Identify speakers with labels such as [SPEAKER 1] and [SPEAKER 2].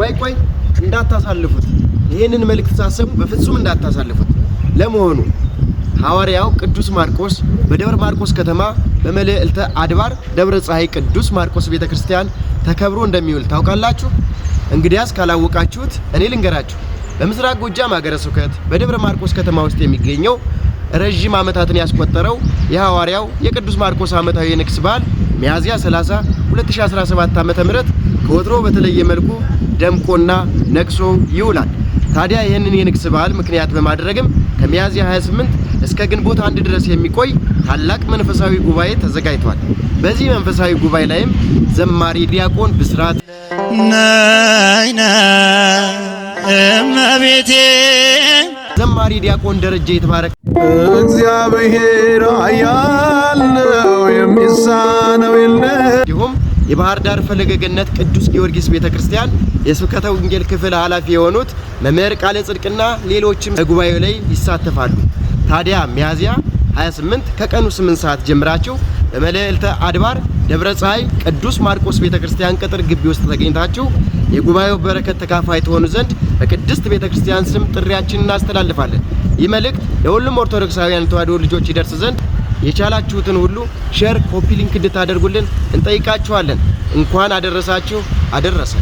[SPEAKER 1] ቆይ ቆይ እንዳታሳልፉት። ይህንን መልእክት ሳሰቡ በፍጹም እንዳታሳልፉት። ለመሆኑ ሐዋርያው ቅዱስ ማርቆስ በደብረ ማርቆስ ከተማ በመልዕልተ አድባር ደብረ ፀሐይ ቅዱስ ማርቆስ ቤተ ክርስቲያን ተከብሮ እንደሚውል ታውቃላችሁ? እንግዲያስ ካላወቃችሁት እኔ ልንገራችሁ። በምስራቅ ጎጃም ሀገረ ስብከት በደብረ ማርቆስ ከተማ ውስጥ የሚገኘው ረዥም ዓመታትን ያስቆጠረው የሐዋርያው የቅዱስ ማርቆስ ዓመታዊ የንግስ በዓል ሚያዝያ 30 2017 ዓ.ም ከወትሮ በተለየ መልኩ ደምቆና ነቅሶ ይውላል። ታዲያ ይህንን የንግስ በዓል ምክንያት በማድረግም ከሚያዝያ 28 እስከ ግንቦት አንድ ድረስ የሚቆይ ታላቅ መንፈሳዊ ጉባኤ ተዘጋጅቷል። በዚህ መንፈሳዊ ጉባኤ ላይም ዘማሪ ዲያቆን ብስራት እመቤቴ ዘማሪ ዲያቆን ደረጀ የተባረከ እግዚአብሔር አያለው የሚሳነው የለ እንዲሁም የባህር ዳር ፈለገ ገነት ቅዱስ ጊዮርጊስ ቤተክርስቲያን የስብከተ ወንጌል ክፍል ኃላፊ የሆኑት መምህር ቃለ ጽድቅና ሌሎችም በጉባኤ ላይ ይሳተፋሉ። ታዲያ ሚያዝያ 28 ከቀኑ 8 ሰዓት ጀምራችሁ በመልዕልተ አድባር ደብረ ፀሐይ ቅዱስ ማርቆስ ቤተክርስቲያን ቅጥር ግቢ ውስጥ ተገኝታችሁ የጉባኤው በረከት ተካፋይ ትሆኑ ዘንድ በቅድስት ቤተክርስቲያን ስም ጥሪያችን እናስተላልፋለን። ይህ መልእክት ለሁሉም ኦርቶዶክሳውያን ተዋሕዶ ልጆች ይደርስ ዘንድ የቻላችሁትን ሁሉ ሼር፣ ኮፒ ሊንክ እንድታደርጉልን እንጠይቃችኋለን። እንኳን አደረሳችሁ አደረሰ።